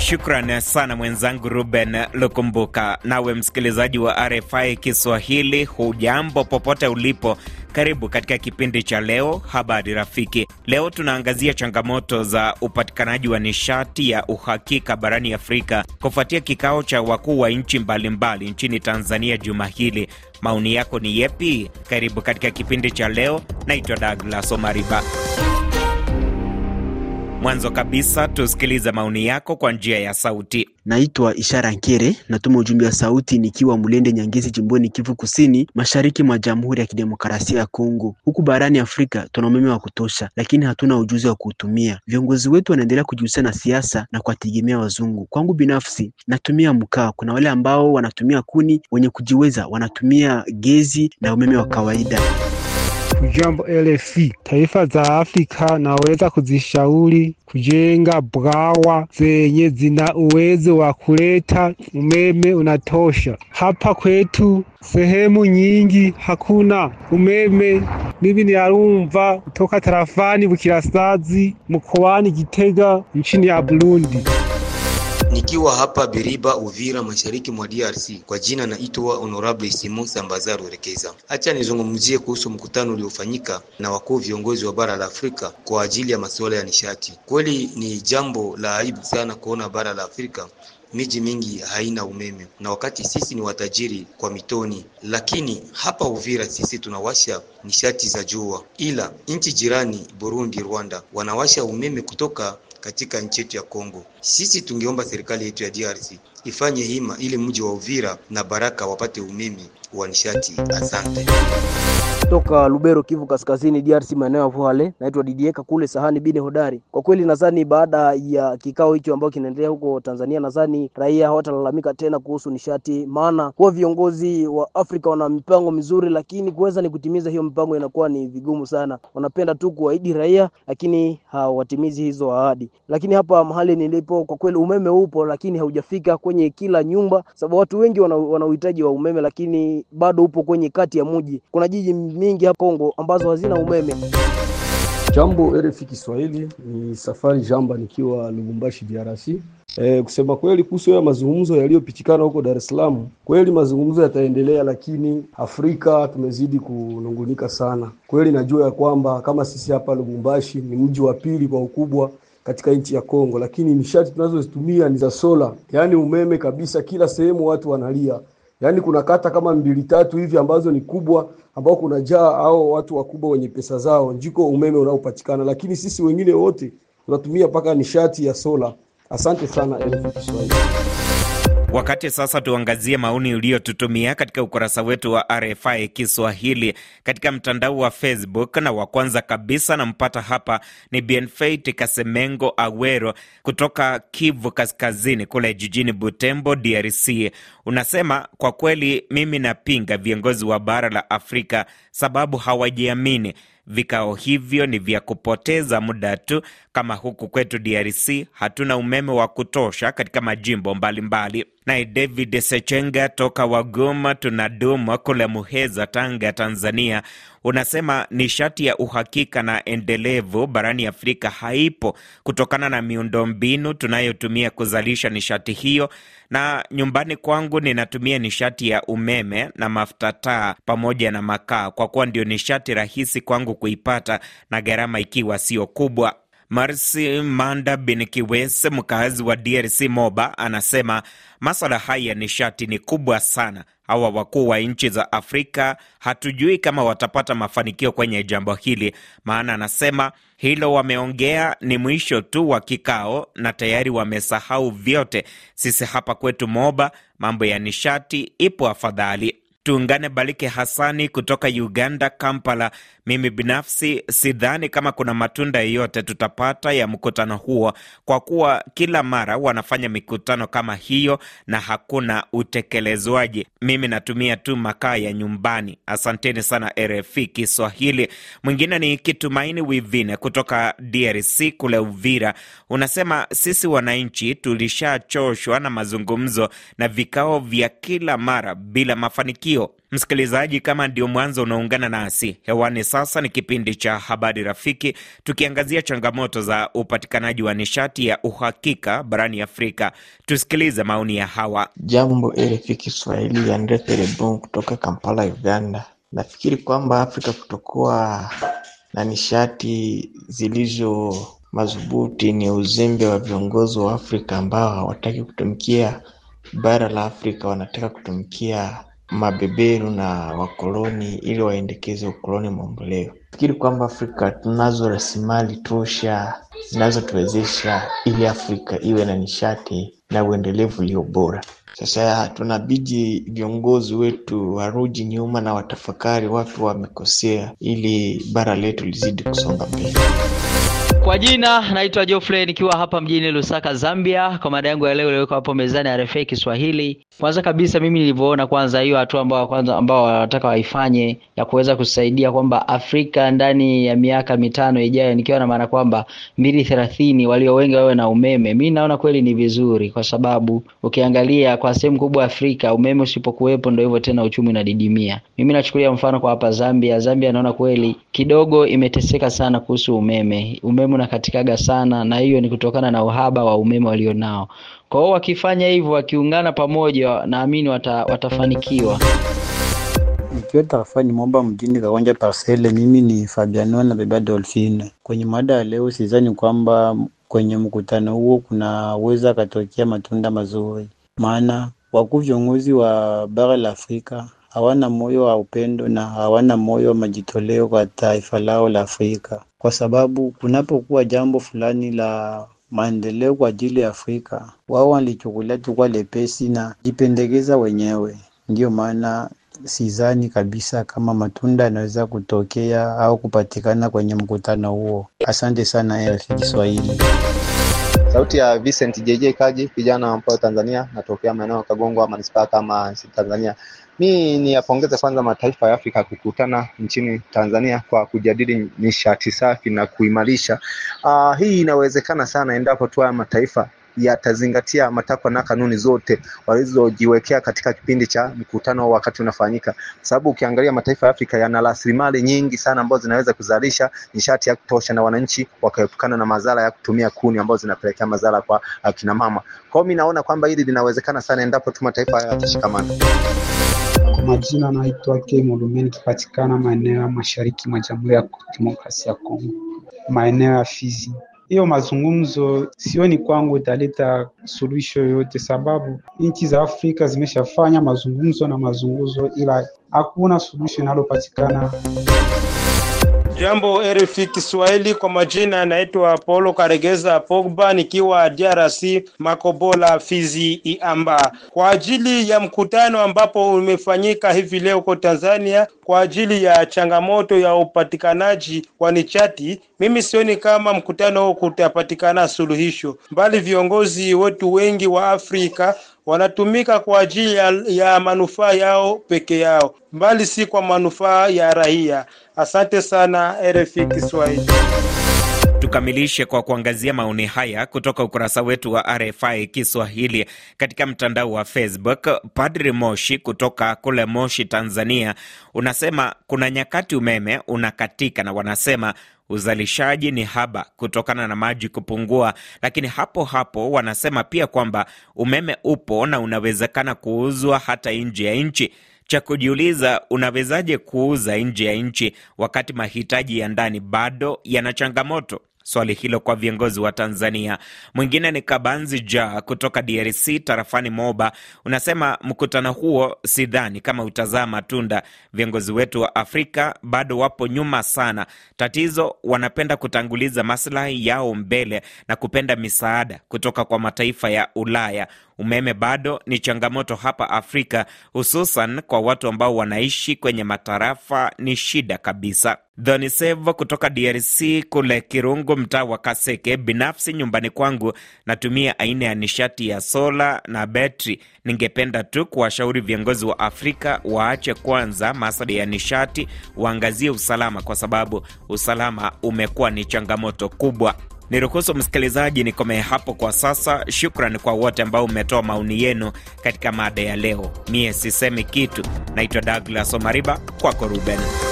Shukran sana mwenzangu Ruben Lukumbuka. Nawe msikilizaji wa RFI Kiswahili, hujambo popote ulipo? Karibu katika kipindi cha leo, habari rafiki. Leo tunaangazia changamoto za upatikanaji wa nishati ya uhakika barani Afrika kufuatia kikao cha wakuu wa nchi mbalimbali nchini Tanzania juma hili. Maoni yako ni yepi? Karibu katika kipindi cha leo. Naitwa Douglas Omariba. Mwanzo kabisa tusikilize maoni yako kwa njia ya sauti. Naitwa Ishara Nkere, natuma ujumbe wa sauti nikiwa mlende Nyangezi, jimboni Kivu Kusini, mashariki mwa Jamhuri ya Kidemokrasia ya Kongo. Huku barani Afrika tuna umeme wa kutosha, lakini hatuna ujuzi wa kuutumia. Viongozi wetu wanaendelea kujihusisha na siasa na kuwategemea wazungu. Kwangu binafsi, natumia mkaa. Kuna wale ambao wanatumia kuni, wenye kujiweza wanatumia gezi na umeme wa kawaida ujambo RFI, taifa za Afrika naweza kuzishauri kujenga bwawa zenye zina uwezo wa kuleta umeme unatosha. Hapa kwetu sehemu nyingi hakuna umeme. Mimi ninarumva kutoka tarafani Bukirasazi mkoani Gitega nchini ya Burundi. Nikiwa hapa Biriba, Uvira, mashariki mwa DRC. Kwa jina naitwa Honorable Simon Sambazaru Rekeza. Acha nizungumzie kuhusu mkutano uliofanyika na wakuu viongozi wa bara la Afrika kwa ajili ya masuala ya nishati. Kweli ni jambo la aibu sana kuona bara la Afrika miji mingi haina umeme na wakati sisi ni watajiri kwa mitoni, lakini hapa Uvira sisi tunawasha nishati za jua, ila nchi jirani Burundi, Rwanda wanawasha umeme kutoka katika nchi yetu ya Kongo. Sisi tungeomba serikali yetu ya DRC ifanye hima ili mji wa Uvira na Baraka wapate umeme wa nishati. Asante. Toka Lubero, Kivu Kaskazini, DRC, maeneo ya Vuhale. Naitwa Didieka kule Sahani Bine Hodari. Kwa kweli, nadhani baada ya kikao hicho ambacho kinaendelea huko Tanzania, nadhani raia hawatalalamika tena kuhusu nishati, maana huwa viongozi wa Afrika wana mipango mizuri, lakini kuweza ni kutimiza hiyo mipango inakuwa ni vigumu sana. Wanapenda tu kuahidi raia, lakini hawatimizi hizo ahadi. Lakini hapa mahali nilipo, kwa kweli umeme upo, lakini haujafika kwenye kila nyumba, sababu watu wengi wana uhitaji wa umeme, lakini bado upo kwenye kati ya mji. Kuna jiji mingi hapa Kongo ambazo hazina umeme. Jambo RFI Kiswahili, ni safari jamba nikiwa Lubumbashi DRC. E, kusema kweli kuhusu ya mazungumzo yaliyopitikana huko Dar es Salaam, kweli mazungumzo yataendelea, lakini Afrika tumezidi kunungunika sana. Kweli najua ya kwamba kama sisi hapa Lubumbashi ni mji wa pili kwa ukubwa katika nchi ya Kongo, lakini nishati tunazozitumia ni za sola, yaani umeme kabisa. Kila sehemu watu wanalia, yaani kuna kata kama mbili tatu hivi ambazo ni kubwa, ambao kunajaa au watu wakubwa wenye pesa zao, njiko umeme unaopatikana, lakini sisi wengine wote tunatumia mpaka nishati ya sola. Asante sana elfu Kiswahili. Wakati sasa tuangazie maoni uliyotutumia katika ukurasa wetu wa RFI Kiswahili katika mtandao wa Facebook, na wa kwanza kabisa nampata hapa ni Bienfait Kasemengo Awero kutoka Kivu Kaskazini kule jijini Butembo, DRC. Unasema, kwa kweli mimi napinga viongozi wa bara la Afrika sababu hawajiamini. Vikao hivyo ni vya kupoteza muda tu. Kama huku kwetu DRC hatuna umeme wa kutosha katika majimbo mbalimbali mbali. Naye David Sechenga toka Wagoma tunaduma kule Muheza, Tanga, Tanzania, unasema nishati ya uhakika na endelevu barani Afrika haipo kutokana na miundombinu tunayotumia kuzalisha nishati hiyo, na nyumbani kwangu ninatumia nishati ya umeme na mafuta taa pamoja na makaa, kwa kuwa ndio nishati rahisi kwangu kuipata na gharama ikiwa sio kubwa. Marsi Manda Bin Kiwes, mkazi wa DRC Moba, anasema maswala haya ya nishati ni kubwa sana. Hawa wakuu wa nchi za Afrika hatujui kama watapata mafanikio kwenye jambo hili, maana anasema hilo wameongea ni mwisho tu wa kikao na tayari wamesahau vyote. Sisi hapa kwetu Moba mambo ya nishati ipo afadhali tuungane Balike Hasani kutoka Uganda, Kampala. Mimi binafsi sidhani kama kuna matunda yoyote tutapata ya mkutano huo, kwa kuwa kila mara wanafanya mikutano kama hiyo na hakuna utekelezwaji. Mimi natumia tu makaa ya nyumbani. Asanteni sana RFI Kiswahili. Mwingine ni Kitumaini Wivine kutoka DRC kule Uvira, unasema sisi wananchi tulishachoshwa na mazungumzo na vikao vya kila mara bila mafanikio hiyo. Msikilizaji, kama ndio mwanzo unaungana nasi hewani sasa, ni kipindi cha Habari Rafiki, tukiangazia changamoto za upatikanaji wa nishati ya uhakika barani Afrika. Tusikilize maoni ya hawa. Jambo e RFI Kiswahili, ya Andre kutoka Kampala, Uganda. Nafikiri kwamba Afrika kutokuwa na nishati zilizo madhubuti ni uzembe wa viongozi wa Afrika ambao hawataki kutumikia bara la Afrika, wanataka kutumikia mabeberu na wakoloni ili waendekeze ukoloni mamboleo. Fikiri kwamba Afrika tunazo rasilimali tosha zinazotuwezesha ili Afrika iwe na nishati na uendelevu ulio bora. Sasa tunabidi viongozi wetu waruji nyuma na watafakari wapi wamekosea, ili bara letu lizidi kusonga mbele. Kwa jina naitwa Geoffrey nikiwa hapa mjini Lusaka, Zambia. Kwa mada yangu ya leo iliyowekwa hapo mezani RFA Kiswahili. Kwanza kabisa mimi nilivyoona kwanza hiyo hatua ambayo kwanza ambao wanataka waifanye ya kuweza kusaidia kwamba Afrika ndani ya miaka mitano ijayo, nikiwa na maana kwamba mbili thelathini walio wengi wawe na umeme, mi naona kweli ni vizuri, kwa sababu ukiangalia kwa sehemu kubwa Afrika umeme usipokuwepo, ndio hivyo tena, uchumi unadidimia. Mimi nachukulia mfano kwa hapa Zambia. Zambia naona kweli kidogo imeteseka sana kuhusu umeme, umeme umeme unakatikaga sana, na hiyo ni kutokana na uhaba wa umeme walionao. Kwa hiyo wakifanya hivyo, wakiungana pamoja, naamini wata, watafanikiwa. Nikiwa tarafani Moba mjini Kaonja Parcele, mimi ni Fabiano na beba Dolphine. Kwenye mada ya leo, sidhani kwamba kwenye mkutano huo kunaweza katokea matunda mazuri, maana wakuu viongozi wa bara la Afrika hawana moyo wa upendo na hawana moyo wa majitoleo kwa taifa lao la Afrika, kwa sababu kunapokuwa jambo fulani la maendeleo kwa ajili ya Afrika, wao walichukulia tu kwa lepesi na jipendekeza wenyewe. Ndiyo maana sizani kabisa kama matunda yanaweza kutokea au kupatikana kwenye mkutano huo. Asante sana RFI Kiswahili. Sauti ya Vincent JJ Kaji, kijana wa mpoa Tanzania, natokea maeneo ya Kagongwa manispaa kama Tanzania. Mi ni yapongeze kwanza mataifa ya Afrika kukutana nchini Tanzania kwa kujadili nishati safi na kuimarisha. Uh, hii inawezekana sana endapo tu haya mataifa yatazingatia matakwa na kanuni zote walizojiwekea katika kipindi cha mkutano wakati unafanyika, kwa sababu ukiangalia mataifa ya Afrika yana rasilimali nyingi sana ambazo zinaweza kuzalisha nishati ya kutosha na wananchi wakaepukana na madhara ya kutumia kuni ambazo zinapelekea madhara kwa akina mama. Kwao mimi naona kwamba hili linawezekana sana endapo tu mataifa haya yatashikamana. Majina naitwa Kemo Lumeni, nikipatikana maeneo ya mashariki mwa Jamhuri ya Kidemokrasia ya Kongo, maeneo ya Fizi hiyo mazungumzo sioni kwangu italeta suluhisho yoyote, sababu nchi za Afrika zimeshafanya mazungumzo na mazungumzo, ila hakuna suluhisho inalopatikana. Jambo RFI Kiswahili, kwa majina anaitwa Paulo Karegeza Pogba, nikiwa DRC Makobola, Fizi, Iamba, kwa ajili ya mkutano ambapo umefanyika hivi leo ko Tanzania kwa ajili ya changamoto ya upatikanaji wa nishati. Mimi sioni kama mkutano huu kutapatikana suluhisho, bali viongozi wetu wengi wa Afrika wanatumika kwa ajili ya manufaa yao peke yao, mbali si kwa manufaa ya raia. Asante sana RFI Kiswahili. Tukamilishe kwa kuangazia maoni haya kutoka ukurasa wetu wa RFI Kiswahili katika mtandao wa Facebook. Padri Moshi kutoka kule Moshi, Tanzania, unasema kuna nyakati umeme unakatika na wanasema uzalishaji ni haba kutokana na maji kupungua, lakini hapo hapo wanasema pia kwamba umeme upo na unawezekana kuuzwa hata nje ya nchi. Cha kujiuliza, unawezaje kuuza nje ya nchi wakati mahitaji ya ndani bado yana changamoto? swali hilo kwa viongozi wa Tanzania. Mwingine ni Kabanzi Ja kutoka DRC tarafani Moba, unasema mkutano huo sidhani kama utazaa matunda. Viongozi wetu wa Afrika bado wapo nyuma sana. Tatizo wanapenda kutanguliza maslahi yao mbele na kupenda misaada kutoka kwa mataifa ya Ulaya umeme bado ni changamoto hapa Afrika, hususan kwa watu ambao wanaishi kwenye matarafa, ni shida kabisa. Dhonisevo kutoka DRC kule Kirungu, mtaa wa Kaseke. Binafsi nyumbani kwangu natumia aina ya nishati ya sola na betri. Ningependa tu kuwashauri viongozi wa Afrika waache kwanza masada ya nishati, waangazie usalama, kwa sababu usalama umekuwa ni changamoto kubwa. Niruhusu msikilizaji, nikomee hapo kwa sasa. Shukran kwa wote ambao mmetoa maoni yenu katika mada ya leo. Miye sisemi kitu. Naitwa Douglas Omariba, kwako Ruben.